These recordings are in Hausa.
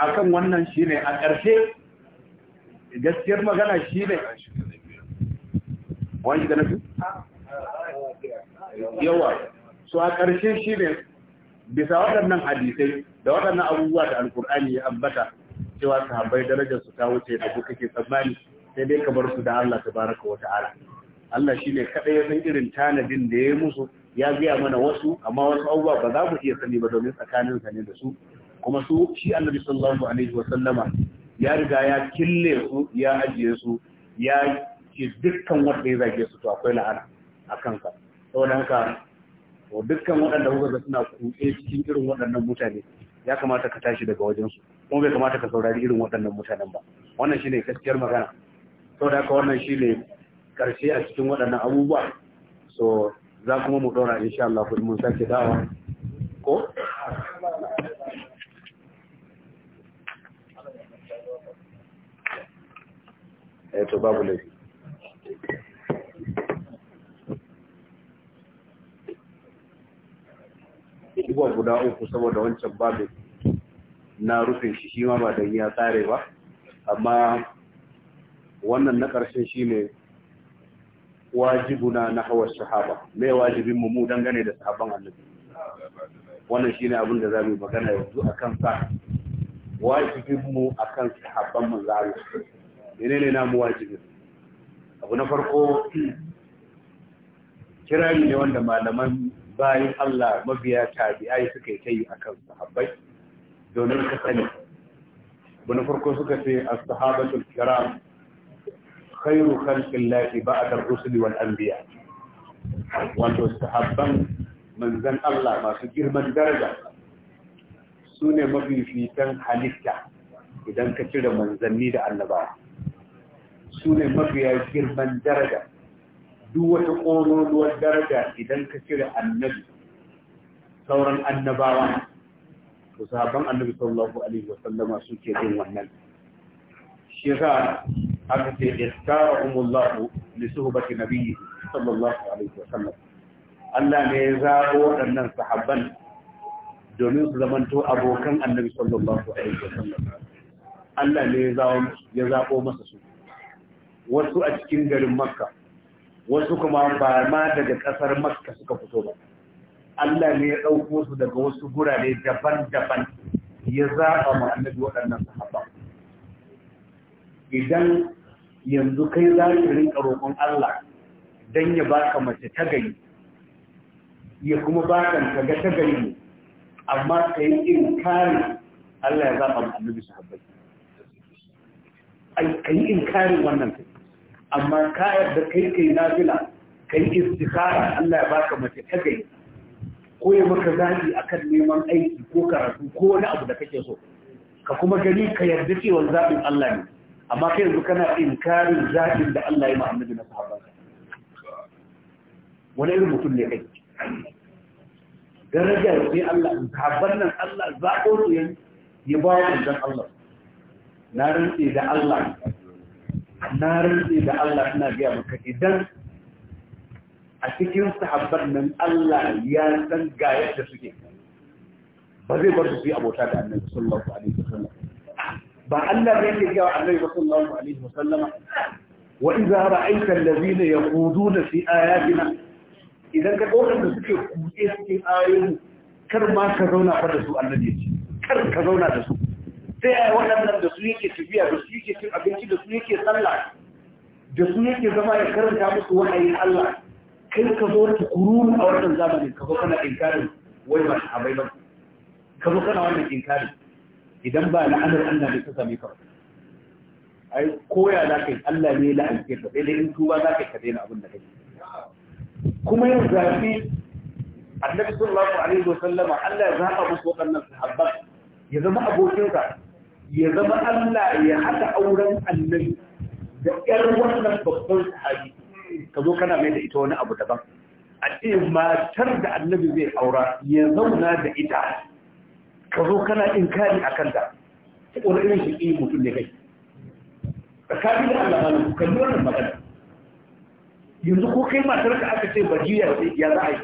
akan wannan shi ne a ƙarshe gaskiyar magana ne wani da yawa so a ƙarshe shi ne bisa waɗannan hadisai da waɗannan abubuwa da alkur'ani ya ambata cewa sahabai darajar su ta wuce da ku kake tsammani sai dai kamar su da Allah ta baraka wata ala. Allah shi ne kaɗai ya san irin tanadin da ya yi musu ya biya mana wasu amma wasu abubuwa ba za mu iya sani ba domin tsakaninsa ne da su kuma su shi annabi sallallahu alaihi wa sallama ya riga ya kille su ya ajiye su ya ce dukkan wanda ya zage su to akwai la'ana a ka. saboda haka to dukkan waɗanda kuka ga suna kuɗe cikin irin waɗannan mutane ya kamata ka tashi daga wajen su, kuma bai kamata ka saurari irin waɗannan mutanen ba wannan shine gaskiyar magana saboda haka wannan shine karshe a cikin waɗannan abubuwa so za kuma mu ɗora insha Allah mun sake dawa babu laifi abubuwa guda uku saboda wancan babu na rufin shi shi ma ba da ya tsare ba amma wannan na ƙarshen shi ne wajibuna na hawar shahaba. mai wajibin mu dangane da sahaban annabi wannan shi ne abin da za mu magana yanzu akan sa wajibin mu akan sahaban manzo menene namu wajibi abu na farko kirari ne wanda malaman bayan Allah mabiya tabi'ai suka yi ta yi akan sahabbai domin ka sani abu na farko suka ce as-sahabatul kiram khairu khalqillahi ba'da ar-rusuli wal anbiya wato sahabban manzan Allah masu girman daraja sune ne fitan halitta idan ka cire manzanni da annabawa su ne mafiya girman daraja duk wata ƙololuwar daraja idan ka cire annabi sauran annabawa to sahabban annabi sallallahu alaihi wa sallama suke yin wannan shi yasa aka ce istarahumullahu li suhbati nabiyyi sallallahu alaihi wa sallam Allah ne ya zabo waɗannan sahabban domin su zamanto abokan annabi sallallahu alaihi wa sallam Allah ne ya zabo masa su wasu a cikin garin makka wasu kuma ba ma daga kasar makka suka fito ba Allah ne ya ɗauko su daga wasu gurare daban-daban ya zaɓa ma annabi waɗannan sahaba idan yanzu kai za ka rinka roƙon Allah don ya baka mace ta gari ya kuma baka ka ga ta gari amma ka yi kare, Allah ya zaɓa ma annabi sahabbai ai ka yi kare wannan kai amma kayar da kai kai nafila kai istikara, Allah ya baka mace ta ko ya maka zaɓi akan neman aiki ko karatu ko wani abu da kake so ka kuma gani ka yarda cewa zaɓin Allah ne amma kai yanzu kana inkarin zaɓin da Allah ya Muhammadu na sahabbansa wani irin mutum ne kai darajar sai Allah sahabban nan Allah zaɓo su ya ba wa Allah na rantse da Allah na rantse da Allah ina gaya maka idan a cikin sahabban nan Allah ya san ga yadda suke ba zai bar su yi abota da annabi sallallahu alaihi wasallam ba Allah ne yake gaya annabi sallallahu alaihi wasallam wa idza ra'aita allazina yaquduna fi ayatina idan ka dauka da suke kuɗe suke ayoyi kar ma ka zauna fa da su annabi kar ka zauna da su sai ya waɗannan da su yake tafiya da su yake cin abinci da su yake sallah da su yake zama ya karanta musu wahayin Allah kai ka zo ta kururu a wannan zamanin ka zo kana inkarin wai ba sahabbai ba ka zo kana wannan inkarin idan ba la'anar Allah ne ta same ka ai koya za ka yi Allah ne la'alke ka sai dai in tuba za ka yi ka daina abin da kake kuma yin zafi annabi sallallahu alaihi wa sallama Allah ya zaba musu waɗannan sahabban ya zama abokinka ya zama Allah ya haɗa auren annabi da ƴar wannan babban sahabi ka zo kana mai da ita wani abu daban a ce matar da annabi zai aura ya zauna da ita ka zo kana inkari a kanta wani irin shi ƙi mutum ne kai tsakanin da Allah malu kalli wannan magana yanzu ko kai matar ka aka ce bajiya ce ya za a yi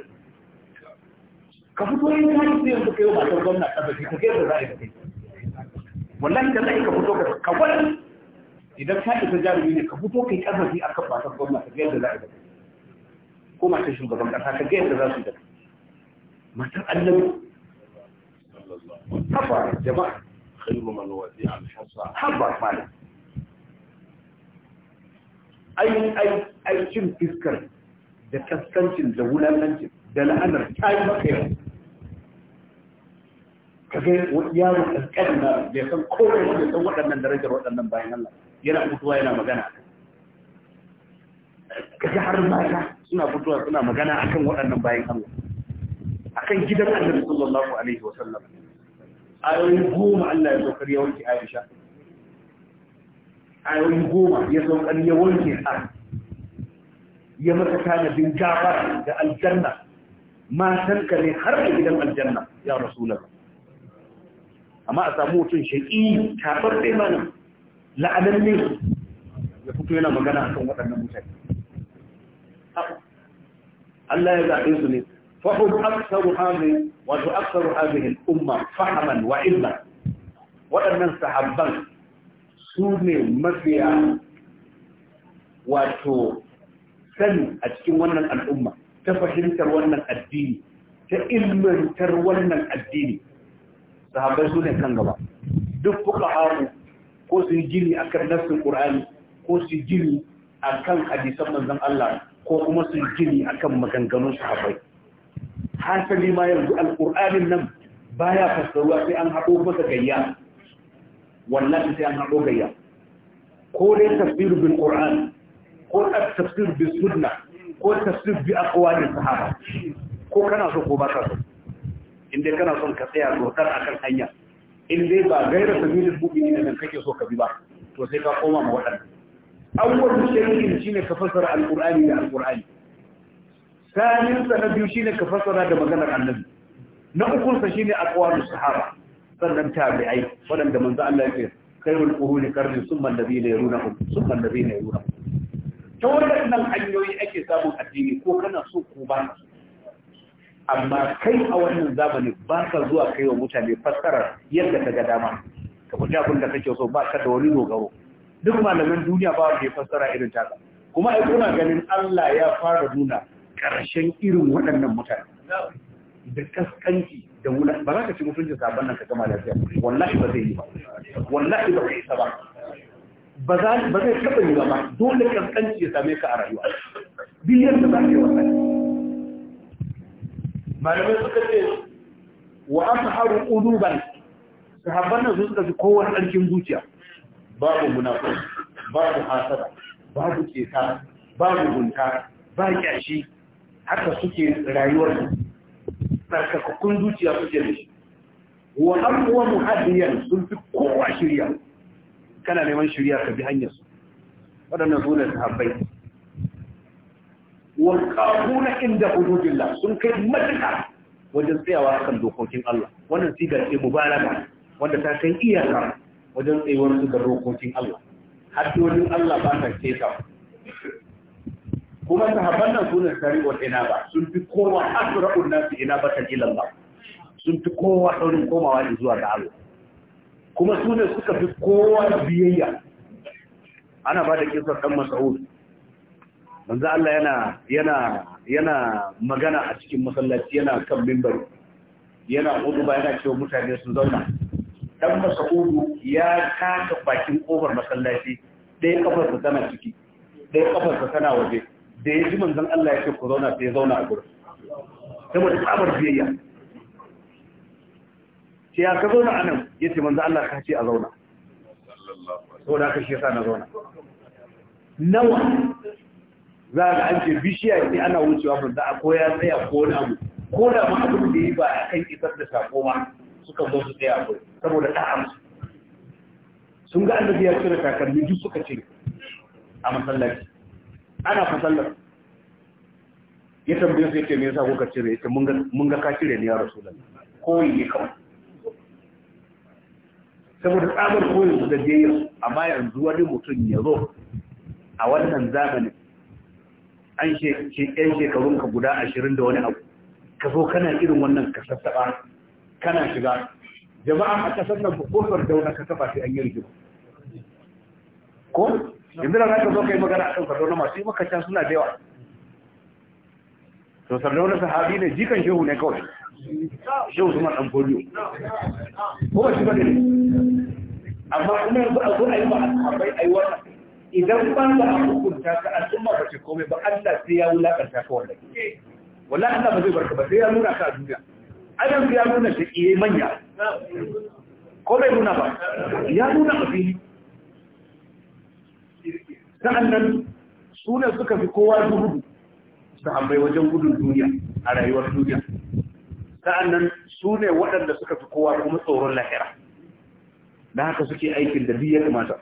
ka fito yin kari sai yanzu kai matar gwamna ƙasa ce ka kai da za a yi wallahi da ka fito ka kawai idan ka isa jarumi ne ka fito kai karfafi a kan fatan gwamna ka ga yadda za a yi ko matar shugaban kasa ka ga yadda za su yi matar annabi haba jama'a khairu man wasi al hasa haba mala ai ai ai cin fiskar da kaskancin da wulalancin da la'anar tayi kai kaga yaro kankan na bai san komai wanda san waɗannan darajar waɗannan bayan Allah yana mutuwa yana magana kaga har mata suna mutuwa suna magana akan waɗannan bayan Allah akan gidan Annabi sallallahu alaihi wa sallam ayoyi goma Allah ya saukar ya wanke Aisha ayoyi goma ya saukar ya wanke ta ya mata tanadin gafara da aljanna matan ka ne har da gidan aljanna ya rasulullah amma a samu mutum shaƙi kafar ɗai mana la'adar ne ya fito yana magana a kan waɗannan mutane Allah ya zaɓe su ne fahim aksaru hami wato aksaru hamihin umma fahaman wa waɗannan sahabban su ne mafiya wato sani a cikin wannan al'umma ta fahimtar wannan addini ta ilmantar wannan addini sahabbai su ne kan gaba duk kuka haru ko su yi gini a kan nassin ƙur'ani ko su yi gini a kan hadisan manzan Allah ko kuma su yi gini a kan maganganun sahabbai hasali ma yanzu alƙur'anin nan baya fassaruwa sai an haɗo masa gayya wallahi sai an haɗo gayya ko dai tafsir bil qur'an ko tafsir bil sunna ko tafsir bi aqwali sahaba ko kana so ko baka so in dai kana son ka tsaya rotar kan hanya in dai ba gaira sabilin mu'minin nan kake so ka bi ba to sai ka koma ma waɗannan awwal shay'in shine ka fassara alqur'ani da alqur'ani sanin sa na biyu shine ka fassara da maganar annabi na uku sa shine aqwalu sahaba sannan tabi'ai wadanda manzo Allah ya ce khairul quruni qarni summa alladhina yarunahum summa alladhina yarunahum ta wannan hanyoyi ake samun addini ko kana so ko ba amma kai a wannan zamani ba ka zuwa kai wa mutane fassara yadda ka ga dama ka kuta abin da kake so ba ka da wani dogaro duk malaman duniya ba wanda ya fassara irin ta kuma ai kuna ganin Allah ya fara nuna karshen irin waɗannan mutane da kaskanci da wula ba za ka ci mutunci sabon nan ka gama lafiya wallahi ba zai yi ba wallahi ba zai ba ba zai taɓa yi ba dole kaskanci ya same ka a rayuwa biyar da za ka yi wallahi malamai suka ce wa asharu quluban sahabban nan sun ji kowanne ɗarkin zuciya babu munafiki babu hasada babu kesa babu gunta ba kyashi haka suke rayuwar tsarkakakkun zuciya suke da shi wa abuwa muhaddiyan sun fi kowa shirya kana neman shirya ka bi hanyar su waɗannan su sahabbai والقابون عند حدود الله sun kai matuƙa wajen tsayawa kan dokokin Allah wannan sigar ce mubalaga wanda ta kai iyaka wajen tsayuwar su ga dokokin Allah haddodin Allah ba ta ce ta kuma sahabban nan sunan shari'ar ina ba sun fi kowa asra'un nasu ina ba ta ilallah sun fi kowa saurin komawa zuwa ga Allah kuma su suka fi kowa biyayya ana ba da kisar ɗan mas'ud manzo Allah yana yana yana magana a cikin masallaci yana kan mimbari yana ba yana cewa mutane su zauna dan Mas'udu ya taka bakin kofar masallaci dai kafar sa tana ciki dai kafar sa tana waje da ya ji manzon Allah ya ce ku zauna sai ya zauna a gurin saboda tsabar biyayya sai ya ka zauna anan yace manzon Allah ka ce a zauna saboda ka shi yasa na zauna nawa za ga an ce bishiya ne ana wucewa ba za a koya tsaya ko na abu ko da ma abin da yi ba a kan isar da sako ma suka zo su tsaya ko saboda ta amsa. sun ga annabi ya cire takalmi duk suka cire a masallaci ana fasallar ya tambaye su yace me yasa kuka cire yace mun ga mun ga ka cire ne ya rasulullahi koyi ne kawai saboda tsabar koyin su da jeyar amma yanzu wani mutum ya zo a wannan zamanin an shekarun shekarunka guda ashirin da wani abu ka zo kana irin wannan ka kana shiga jama'a a ƙasar nan kofar dauna ka saba sai an yi rigima ko yanzu da za ka zo kai magana a kan sardauna masu yi makacin suna da yawa to sardauna sahabi ne jikan shehu ne kawai shehu su ɗan foliyo ko ba shi ba ne amma kuma yanzu a zo a yi ba a a yi wannan idan ba za hukunta ka al'umma ba ce komai ba Allah sai ya wulakanta ka wallahi wallahi Allah ba zai barka ba sai ya nuna ka duniya adam ya nuna shi kiye manya ko bai nuna ba ya nuna a fili nan sunan suka fi kowa zuhudu su hambai wajen gudun duniya a rayuwar duniya sa'annan su ne waɗanda suka fi kowa kuma tsoron lahira da haka suke aikin da biyar kamata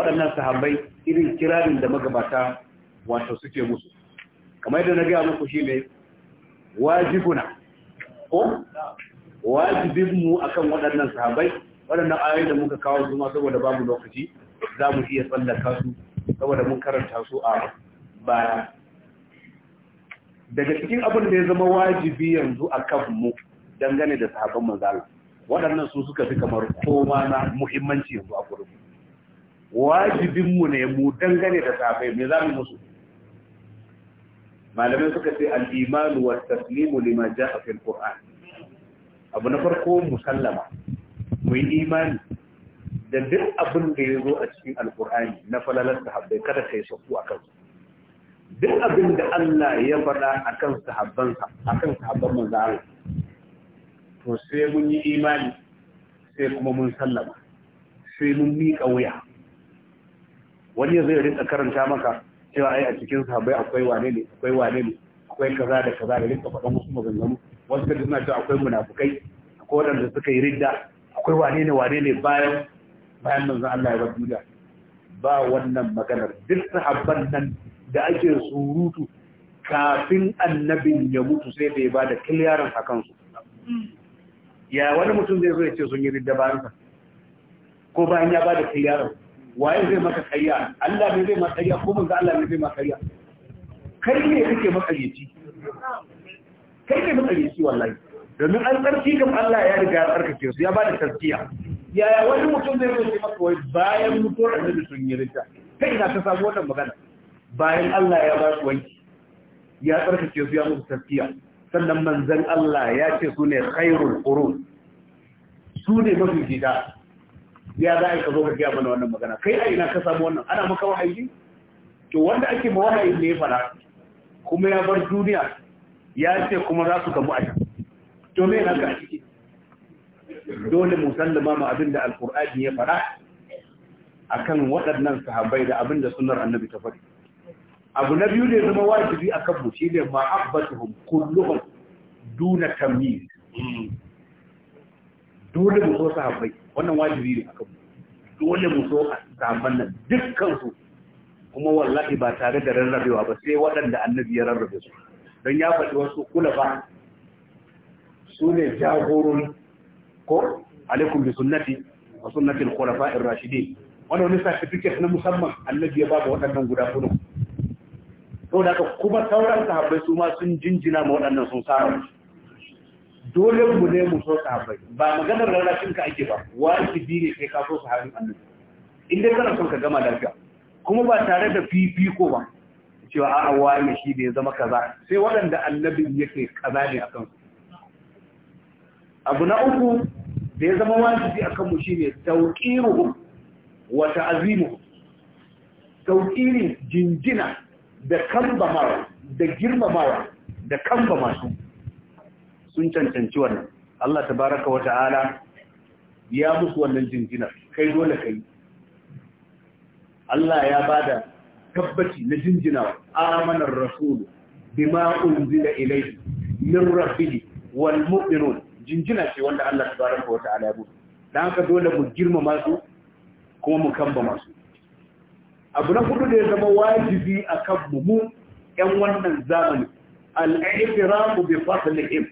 waɗannan sahabbai irin kirarin da magabata wato suke musu kamar yadda na gaya muku shine wajibuna ko wajibin mu akan waɗannan sahabbai waɗannan ayoyi da muka kawo su saboda babu lokaci za mu iya tsallaka su saboda mun karanta su a baya daga cikin abin da ya zama wajibi yanzu a kan mu dangane da sahabban manzala waɗannan su suka fi kamar koma na muhimmanci yanzu a gurin mu wajibinmu ne mu dangane da safe me za mu musu malamai suka ce al-iman wa taslimu lima ja'a fil qur'an abu na farko musallama mu yi imani da duk abin da ya zo a cikin alkur'ani na falalar sahabbai kada kai sauku a kansu duk abin da Allah ya faɗa a kan sahabbansa a kan sahabban manzara to sai mun yi imani sai kuma mun sallama sai mun miƙa wuya wani ya zai rinka karanta maka cewa ai a cikin sahabbai akwai wane ne akwai wane ne akwai kaza da kaza da rinka faɗan wasu maganganu wasu da suna cewa akwai munafukai akwai waɗanda suka yi ridda akwai wane ne wane ne bayan bayan manzon Allah ya bar duniya ba wannan maganar duk sahabban nan da ake surutu kafin annabin ya mutu sai bai ba da kiliyarin a kansu ya wani mutum zai zo ya ce sun yi ridda bayansa ko bayan ya ba da kiliyarin waye zai maka ƙarya Allah ne zai maka ƙarya ko manzo Allah ne zai maka ƙarya kai ne kake makaryaci kai ne makaryaci wallahi domin an tsarki kam Allah ya riga ya tsarkake su ya bada tazkiya yaya wani mutum zai zo maka wai bayan mutuwar annabi sun yi rita kai na ta samu wannan magana bayan Allah ya ba su wanki ya tsarkake su ya musu tazkiya sannan manzon Allah ya ce su ne khairul qurun su ne mafi gida ya za a yi ka zo ka gaya mana wannan magana kai a ina ka samu wannan ana maka wahayi to wanda ake ma wahayi ne ya fara kuma ya bar duniya ya ce kuma za su gamu a can to me na ka ciki dole mu sallama mu abin da alqur'ani ya fara akan waɗannan sahabbai da abin da sunnar annabi ta faɗi abu na biyu ne zama wajibi akan mu shi ne ma'abbatuhum kulluhum duna tamyiz dole mu so sahabbai wannan wajibi ne akan dole mu so a saman nan dukkan su kuma wallahi ba tare da rarrabewa ba sai waɗanda annabi ya rarrabe su don ya faɗi wasu kula ba su ne jagorun ko alaikum bi sunnati wa sunnati al-khulafa ar-rashidin wannan wani certificate na musamman annabi ya baba waɗannan guda kuma to da kuma sauran sahabbai su ma sun jinjina ma waɗannan sun samu dole mu ne mu so sahabbai ba maganar rarrashin ka ake ba wajibi ne sai ka so sahabin annabi in dai kana son ka gama lafiya kuma ba tare da fifiko ba cewa a'a wani shi ne zama kaza sai waɗanda Annabi yake kaza ne akan su abu na uku da ya zama wajibi akan mu shine tauqiru wa ta'zimu tauqiri jinjina da kambamawa da girmamawa da kambama su sun cancanci wannan Allah tabaraka wa ta'ala ya musu wannan jinjina kai dole kai Allah ya bada tabbaci na jinjina amanar rasulu bima unzila ilayhi min rabbih wal mu'minun jinjina ce wanda Allah tabaraka wa ta'ala ya musu dan haka dole mu girmama su kuma mu kamba masu abu na hudu da ya zama wajibi akan mu mu yan wannan zamani al-i'tirafu bi fadlihim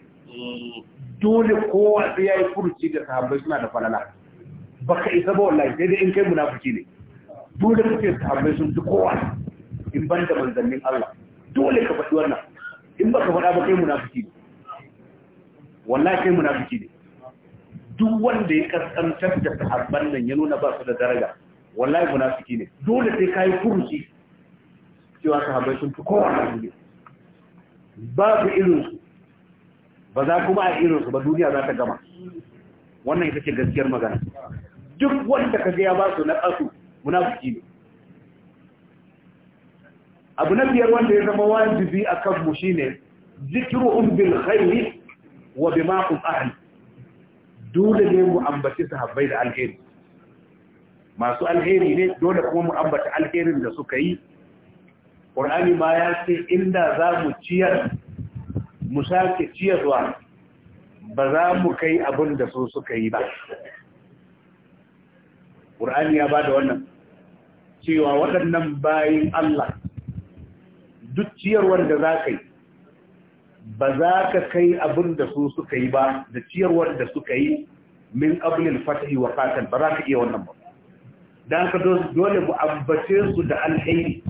dole kowa sai yi furuci ga sahabbai suna da falala ka isa ba wallahi sai dai in kai munafiki ne dole ka ce sahabbai sun fi kowa in ban da manzannin Allah dole ka faɗi wannan in baka faɗa ba kai munafiki ne wallahi kai munafiki ne duk wanda ya kaskantar da sahabban nan ya nuna ba su da daraja wallahi munafiki ne dole sai kai furuci cewa sahabbai sun fi kowa ba babu irin su ba za kuma a su ba duniya za ta gama wannan ita ce gaskiyar magana duk wanda ka ya ba su na ƙasu buki ne abu na biyar wanda ya zama wajibi a kanmu shi ne zikiru bil khairi wa bi ma'un ahli dole ne mu ambaci sahabbai da alheri masu alheri ne dole kuma mu ambaci alherin da suka yi ƙur'ani ma ya ce inda za mu ciyar mu sake ciyarwa ba za mu kai abin da su suka yi ba ƙur'ani ya ba da wannan cewa waɗannan bayin Allah duk ciyarwar da za ka yi ba za ka kai abin da su suka yi ba da ciyarwar da suka yi min ƙablin fatahi wa ƙatan ba za ka iya wannan ba don ka dole mu ambace su da alheri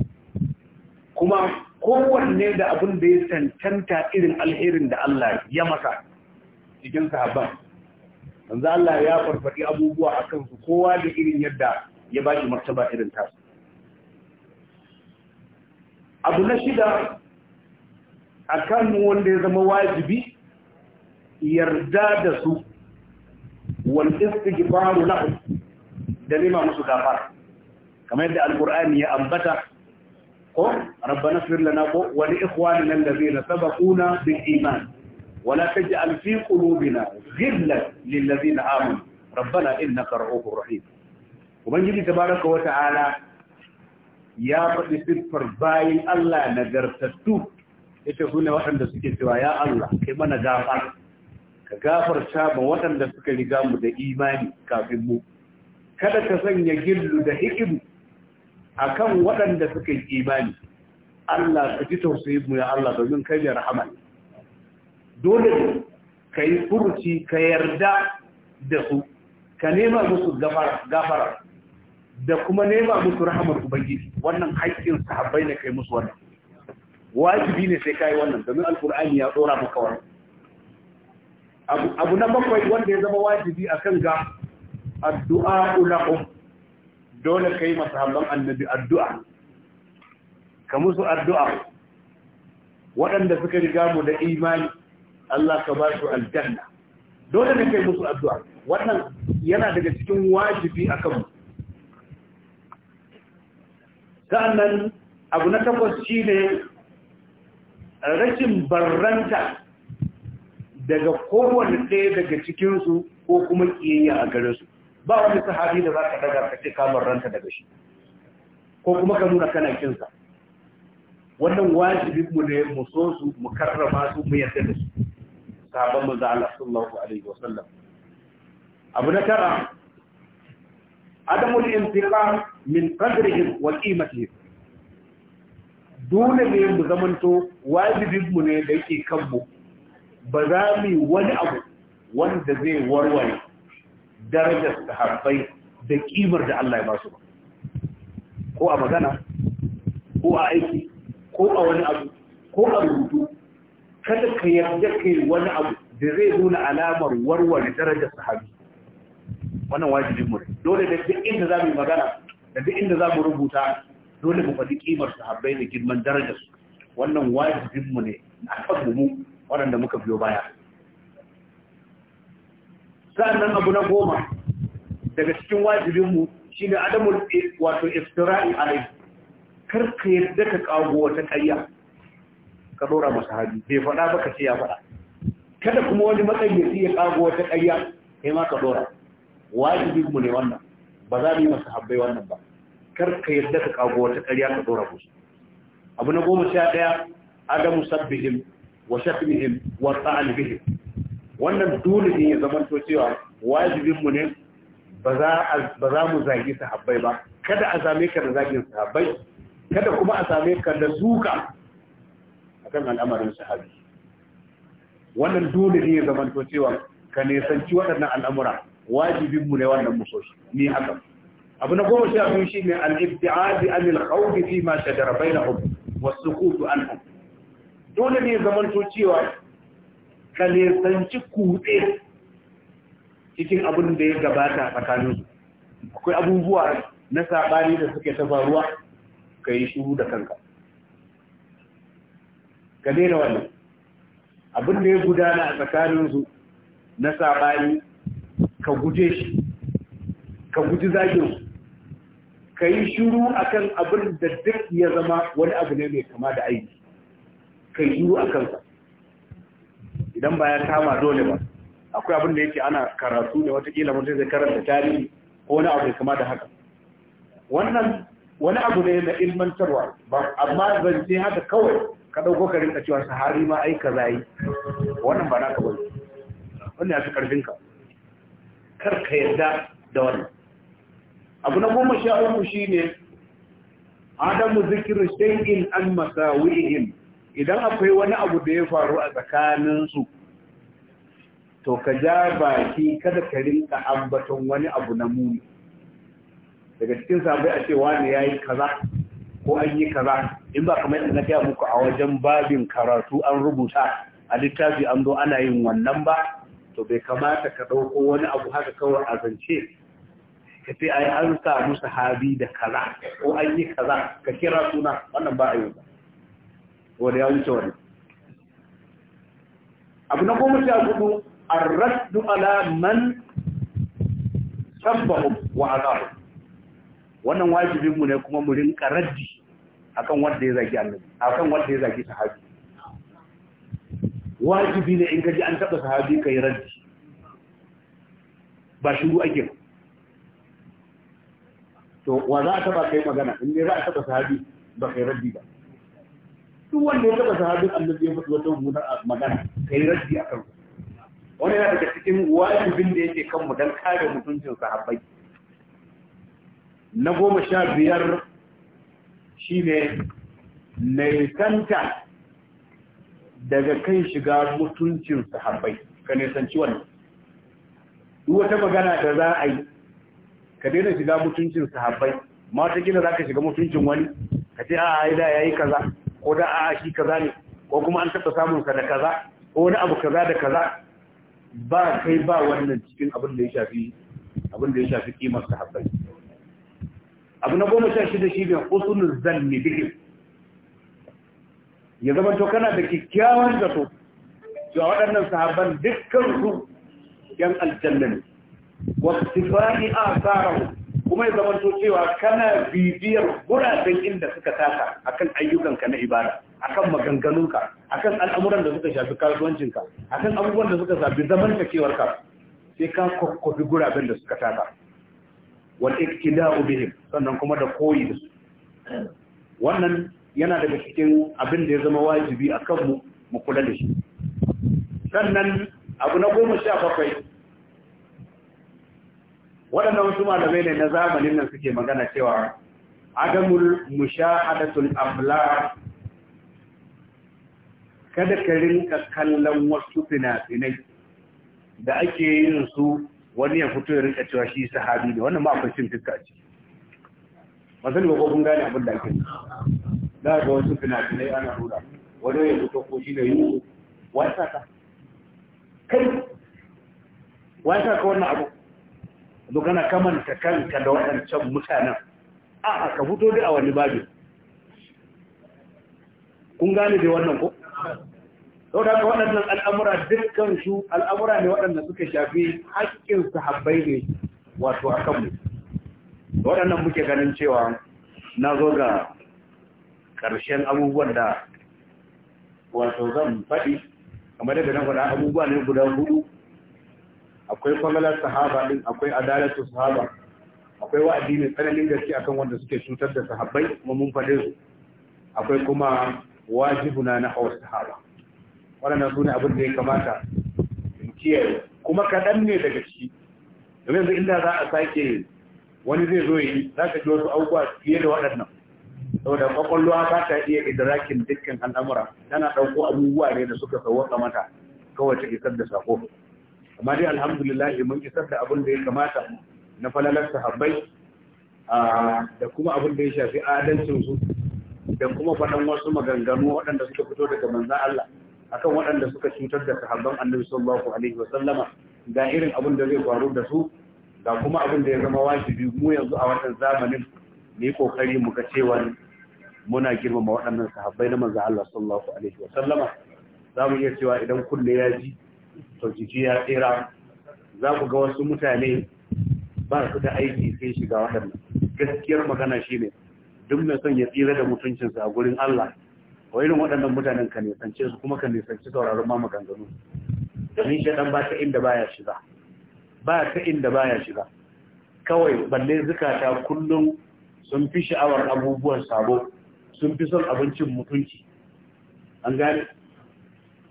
kuma kowanne da abin da ya tantanta irin alherin da Allah ya masa cikin sahabban manzo Allah ya farfadi abubuwa a kansu kowa da irin yadda ya baki martaba irin tasu abu na shida akan wanda ya zama wajibi yarda da su wal istighfaru da nema musu gafara kamar yadda alqur'ani ya ambata ko rabbana fir lana ko wa li ikhwanina alladhina sabaquna bil iman wa la taj'al fi qulubina ghillan lil ladhina amanu rabbana innaka ra'ufur rahim ubangiji tabaraka wata ta'ala ya faɗi siffar bayin Allah nagartattu ita hune waɗanda suke cewa ya Allah kai mana gafar ka gafarta ba waɗanda suka riga mu da imani kafin mu kada ka sanya gillu da hikimu akan waɗanda suka yi imani Allah ka ji tausayin mu ya Allah domin kai mai rahama dole ka yi furuci ka yarda da su ka nema musu gafara da kuma nema musu rahamar ubangiji wannan haƙƙin sahabbai ne kai musu wannan wajibi ne sai kai wannan domin alkur'ani ya dora maka wannan abu na bakwai wanda ya zama wajibi akan ga addu'a lahum dole kai masahabban annabi addu'a ka musu addu'a waɗanda suka riga mu da imani Allah ka ba su aljanna dole ne kai musu addu'a wannan yana daga cikin wajibi a kanmu sa'annan abu na takwas shine ne rashin barranta daga kowane ɗaya daga cikinsu ko kuma ƙiyayya a gare su ba wani sahabi da za ka daga ka ce kamar ranta daga shi ko kuma ka nuna kana kinsa wannan wajibinmu ne mu so su mu karrama su mu yarda da su sahabban manzo Allah sallallahu alaihi wasallam abu na tara adamul intiqam min qadrihim wa qimatihim dole ne mu zamanto wajibinmu ne da yake kanmu ba za mu wani abu wanda zai warware darajar sahabbai da ƙimar da Allah ya ba su ko a magana ko a aiki ko a wani abu ko a rubutu kada ka yarda kai wani abu da zai nuna alamar warware darajar sahabi wannan wajibin mu dole da duk inda za mu magana da duk inda za mu rubuta dole mu faɗi ƙimar sahabbai da girman darajar su wannan wajibin mu ne a kan mu waɗanda muka biyo baya sannan abu na goma daga cikin wajibinmu shi ne adamun wato iftira'i a kar ka yadda ka kago wata ƙarya ka dora masa Haji. bai faɗa ba ka ce ya faɗa kada kuma wani matsayi ya kago wata ƙarya kai ma ka dora wajibinmu ne wannan ba za mu yi masa habbai wannan ba kar ka yadda ka kago wata ƙarya ka dora musu abu na goma sha ɗaya adamu sabbihim wa shafihim wa ta'alibihim wannan dole ne ya zamanto cewa wajibinmu ne ba za mu zagi sahabbai ba kada a same ka da zagin sahabbai kada kuma a same ka da suka akan al'amarin sahabi wannan dole ne ya zamanto cewa ka nesanci waɗannan al'amura wajibinmu ne wannan musoshi ni haka abu na goma sha biyu shi ne al'ibdi'adi an alkhawfi fi ma shajara bainahum was sukutu anhum dole ne ya zamanto cewa ka lesanci cikin abin da ya gabata tsakaninsu akwai abubuwa na saɓani da suke ta faruwa ka yi shuru da kanka ka daina wannan abin da ya gudana a tsakaninsu na saɓani ka guje shi ka guji su ka yi shuru kan abin da duk ya zama wani abu ne mai kama da aiki ka yi shuru a kansa idan ba ya kama dole ba akwai abin da yake ana karatu da watakila mutum zai karanta tarihi ko wani abu kama da haka wannan wani abu ne na ilmantarwa ba amma zance haka kawai ka dauko ka rinka cewa sahari ma ai kaza yi wannan ba naka bane wannan ya fi karfin ka kar ka yarda da wannan abu na goma sha uku shine adamu zikru shay'in an masawihim idan akwai wani abu da ya faru a tsakaninsu to ka ja baki kada ka rinka ambaton wani abu na muni daga cikin sabai a cewa ne ya yi kaza ko an yi kaza in ba kamar yadda na gaya muku a wajen babin karatu an rubuta a littafi an zo ana yin wannan ba to bai kamata ka ɗauko wani abu haka kawai a zance ka ce ai an samu sahabi da kaza ko an yi kaza ka kira suna wannan ba a yi ba Wani ya wuce wani abu na goma sha hudu arraddu ala man sabbahu wa azabu wannan wajibinmu ne kuma mu rinka raddi akan wadda ya zaki annabi akan wadda ya zaki sahabi wajibi ne in kaji an taba sahabi yi raddi ba shiru ake to wa za a taba kai magana in ne za a taba sahabi ba kai raddi ba duk wanda ya taba sahabin annabi ya fito wata mummunar magana kai raddi a kan wani yana daga cikin wajibin da yake kanmu don kare mutuncin sahabbai na goma sha biyar shi mai nisanta daga kan shiga mutuncin sahabbai ka nisanci wannan duk wata magana da za a yi ka daina shiga mutuncin sahabbai ma ta gina za ka shiga mutuncin wani ka ce a da ya yi kaza ko da a shi kaza ne ko kuma an taɓa samun sa da kaza ko wani abu kaza da kaza ba kai ba wannan cikin abin da ya shafi abin da ya shafi kimar sahabbai abu na goma sha shida shi ne usulun zanni bihi ya zama to kana da kyakkyawan zato cewa waɗannan sahabban dukkan su yan aljanna ne wa a asarahu kuma ya zama to cewa kana bibiyar guraben inda suka taka akan ayyukanka na ibada akan maganganunka akan al'amuran da suka shafi kasuwancinka akan abubuwan da suka shafi zaman ka sai ka kokobi guraben da suka taka wal iktida'u bihim sannan kuma da koyi da su wannan yana daga cikin abin da ya zama wajibi akan mu mu kula da shi sannan abu na goma sha bakwai waɗanda wasu malamai ne na zamanin nan suke magana cewa adamul mushahadatul abla kada ka rinka kallon wasu fina-finai da ake yin su wani ya fito ya rinka cewa shi sahabi ne wannan ma akwai cin fuska ce masani ba ko kun gane abin da ake za ga wasu fina-finai ana rura wani ya fito ko shi da yi wasa ka kai wasa ka wannan abu zo kana kamanta kanka da waɗancan mutanen a'a ka fito da a wani babu kun gane da wannan ko sau da waɗannan al'amura dukkan su al'amura ne waɗanda suka shafi haƙƙin haɓɓai ne wato a kanmu waɗannan muke ganin cewa na zo ga ƙarshen abubuwan da wato zan faɗi kamar da na faɗa abubuwa ne guda hudu akwai falalar sahaba din akwai adalatu sahaba akwai wa'adi mai tsananin gaske akan wanda suke cutar da sahabbai kuma mun faɗe su akwai kuma wajibuna na hawa sahaba wannan sune abin da ya kamata in kiyaye kuma kaɗan ne daga ciki domin yanzu inda za a sake wani zai zo yi za ka ji wasu abubuwa fiye da waɗannan saboda kwakwalwa ba ta iya idrakin dukkan al'amura tana ɗauko abubuwa ne da suka sauwaka mata kawai cikin isar da sako amma dai alhamdulillah mun isar da abin da ya kamata na falalar sahabbai da kuma abin da ya shafi adalcin su da kuma faɗan wasu maganganu waɗanda suka fito daga manzan Allah akan waɗanda suka cutar da sahabban annabi sallallahu alaihi wa sallama ga irin abin da zai faru da su ga kuma abin da ya zama wajibi mu yanzu a wannan zamanin mu yi kokari mu ga cewa muna girmama waɗannan sahabbai na manzan Allah sallallahu alaihi wa sallama za mu iya cewa idan kulle ya ji to jiki ya tsira za ku ga wasu mutane ba su da aiki sai shiga waɗannan gaskiyar magana shi ne. duk mai son ya tsira da mutuncinsa a gurin Allah wa irin waɗannan mutanen ka nisance su kuma ka nisance sauraron ma maganganu domin shaɗan ba ta inda baya shiga ba ta inda baya shiga kawai balle zukata kullum sun fi sha'awar abubuwan sabo sun fi son abincin mutunci an gane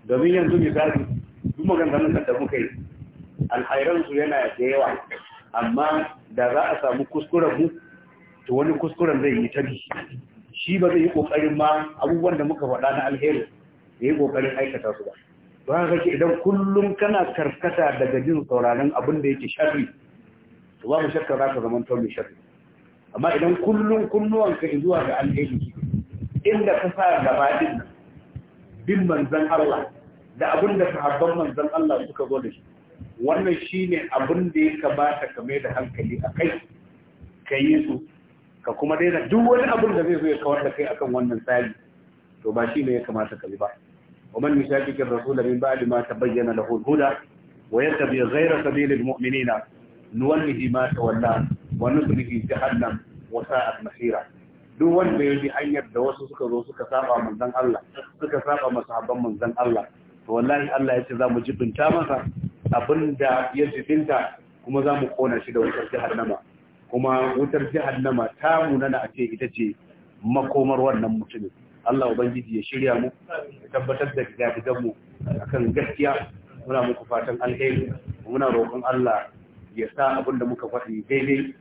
domin yanzu misali maganganun da muka yi su yana da yawa amma da za a samu kuskuren mu to wani kuskuren zai yi ta bi shi ba zai yi kokarin ma abubuwan da muka faɗa na alheri da yi kokarin aikata su ba to haka kake idan kullum kana karkata daga jin sauraron abin da yake sharri to mu shakka za ka zama mai sharri amma idan kullum kunnuwanka zuwa ga alheri inda ka sa gaba din bin manzon Allah da abin da sahabban manzon Allah suka zo da shi wannan shine abin da ya kamata ka mai da hankali a kai ka yi su ka kuma daina duk wani abun da zai zo ya kawar da kai akan wannan tsari to ba ne ya kamata ka bi ba ومن يشاكك الرسول من بعد ما تبين له الهدى ويتبع غير سبيل المؤمنين نوله ما تولى ونصله جهنم وساءت مسيرا duk wanda ya bi hanyar da wasu suka zo suka saba manzon Allah suka saba masahabban manzon Allah to wallahi Allah ya ce za mu jibinta masa abinda ya jibinta kuma za mu kona shi da wutar nama. kuma wutar nama ta munana a ce ita ce makomar wannan mutumin Allah ubangiji ya shirya mu ya tabbatar da gidajen mu akan gaskiya muna muku fatan alheri muna roƙon Allah ya sa abin da muka faɗi daidai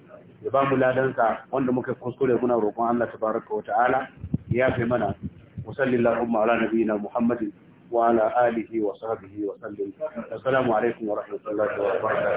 ya ba mu ladansa wanda muka kuskure muna roƙon Allah tabaraka wa ta'ala ya fi mana musallin lahumma ala nabiyyina muhammadin وعلى آله وصحبه وسلم السلام عليكم ورحمة الله وبركاته